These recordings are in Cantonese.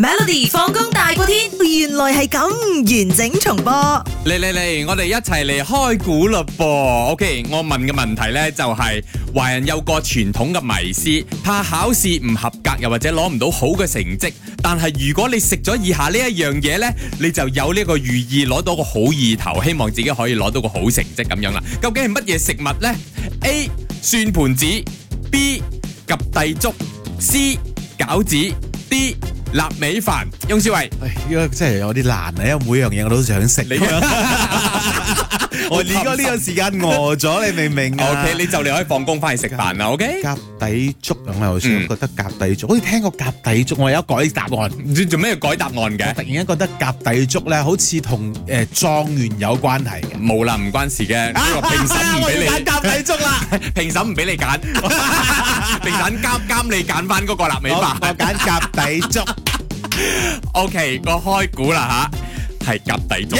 Melody 放工大過天，原來係咁完整重播嚟嚟嚟，我哋一齊嚟開估啦噃。OK，我問嘅問題呢就係、是，華人有個傳統嘅迷思，怕考試唔合格，又或者攞唔到好嘅成績。但係如果你食咗以下呢一樣嘢呢，你就有呢個寓意，攞到個好意頭，希望自己可以攞到個好成績咁樣啦。究竟係乜嘢食物呢？A. 算盤子，B. 及第粥 C. 餃子，D. 臘味飯，雍少偉，呢個真係有啲難啊！因為每樣嘢我都想食。我呢個呢個時間餓咗，你明唔明啊？O K，你就你可以放工翻去食飯啦。O K，夾底粥，我頭先覺得夾底粥，好似聽過夾底粥，我有改答案。唔知做咩要改答案嘅？突然間覺得夾底粥咧，好似同誒狀元有關係嘅。冇啦，唔關事嘅。啊，評審唔俾你揀夾底粥啦，評審唔俾你揀，評審監監你揀翻嗰個臘味飯，我揀夾底粥。O K，個開估啦，吓，係及第粥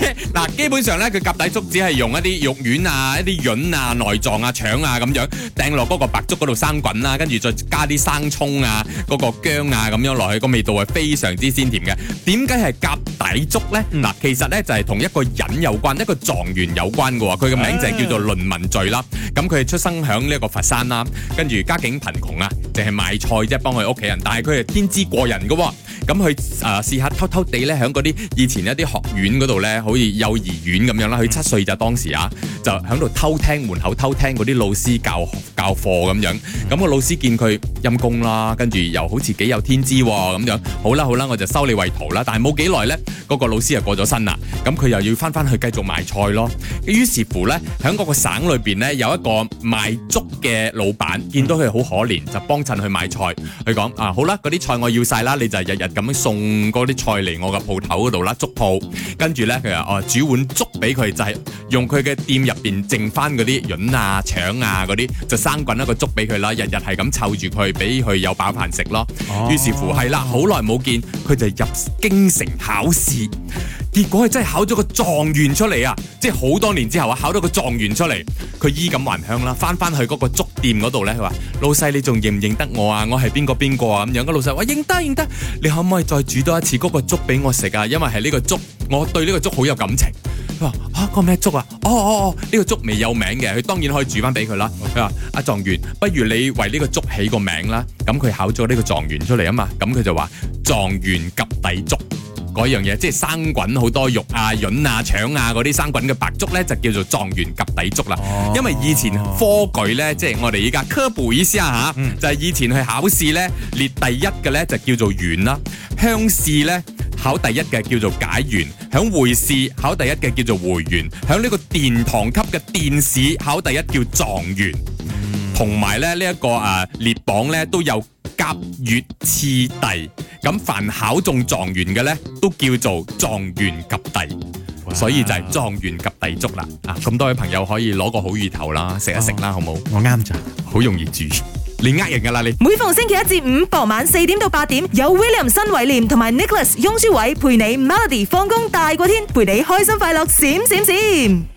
咧。嗱，基本上咧，佢及第粥只係用一啲肉丸啊、一啲膶啊、內臟啊、腸啊咁樣掟落嗰個白粥嗰度生滾啦，跟住再加啲生蔥啊、嗰個薑啊咁樣落去，個味道係非常之鮮甜嘅。點解係及第粥咧？嗱，其實咧就係同一個人有關，一個狀元有關嘅喎。佢嘅名就叫做倫文敘啦。咁佢出生響呢一個佛山啦，跟住家境貧窮啊，淨係賣菜啫，幫佢屋企人。但係佢係天資過人嘅。咁佢誒試下偷偷地咧，喺嗰啲以前一啲學院嗰度咧，好似幼兒園咁樣啦。佢七歲就當時啊，就喺度偷聽門口偷聽嗰啲老師教教課咁樣。咁、嗯、個老師見佢陰功啦，跟住又好似幾有天資喎，哦、咁樣。好啦好啦，我就收你為徒啦。但係冇幾耐咧，嗰、嗰個老師又過咗身啦。咁佢又要翻翻去繼續賣菜咯。於是乎咧，喺嗰個省裏邊呢，有一個賣粥嘅老闆，見到佢好可憐，就幫襯佢買菜。佢講啊，好啦，嗰啲菜我要晒啦，你就日日咁樣送嗰啲菜嚟我個鋪頭嗰度啦，粥鋪。跟住呢，佢話：哦，煮碗粥俾佢，就係、是、用佢嘅店入邊剩翻嗰啲潤啊、腸啊嗰啲，就生滾一個粥俾佢啦。日日係咁湊住佢，俾佢有飽飯食咯。Oh. 於是乎，係啦，好耐冇見，佢就入京城考試。結果佢真係考咗個狀元出嚟啊！即係好多年之後啊，考到個狀元出嚟，佢衣錦還鄉啦，翻翻去嗰個粥店嗰度咧，佢話：老細你仲認唔認得我啊？我係邊個邊個啊？咁樣個老細話：認得認得，你可唔可以再煮多一次嗰個粥俾我食啊？因為係呢個粥，我對呢個粥好有感情。佢話：啊，個咩粥啊？哦哦哦，呢、呢個粥未有名嘅，佢當然可以煮翻俾佢啦。佢話、嗯：阿狀、啊、元，不如你為呢個粥起個名啦。咁佢考咗呢個狀元出嚟啊嘛，咁佢就話：狀元及第粥。嗰樣嘢即係生滾好多肉啊、潤啊、腸啊嗰啲生滾嘅白粥呢，就叫做狀元及第粥啦。啊、因為以前科舉呢，即、就、係、是、我哋依家科普意思啊嚇，嗯、就係以前去考試呢，列第一嘅呢，就叫做元啦。鄉試呢，考第一嘅叫做解元，響會試考第一嘅叫做會元，響呢個殿堂級嘅殿試考第一叫狀元。同埋咧呢一、這個誒、啊、列榜呢，都有甲乙次第。咁凡考中狀元嘅呢，都叫做狀元及第，哇所以就係狀元及第粥啦。咁、啊、多位朋友可以攞個好意頭啦，食一食啦，哦、好唔好？我啱咋，好容易煮， 你呃人噶啦你。每逢星期一至五傍晚四點到八點，有 William 新偉廉同埋 Nicholas 雍舒偉陪你 Melody 放工大過天，陪你開心快樂閃閃閃。閃閃閃閃。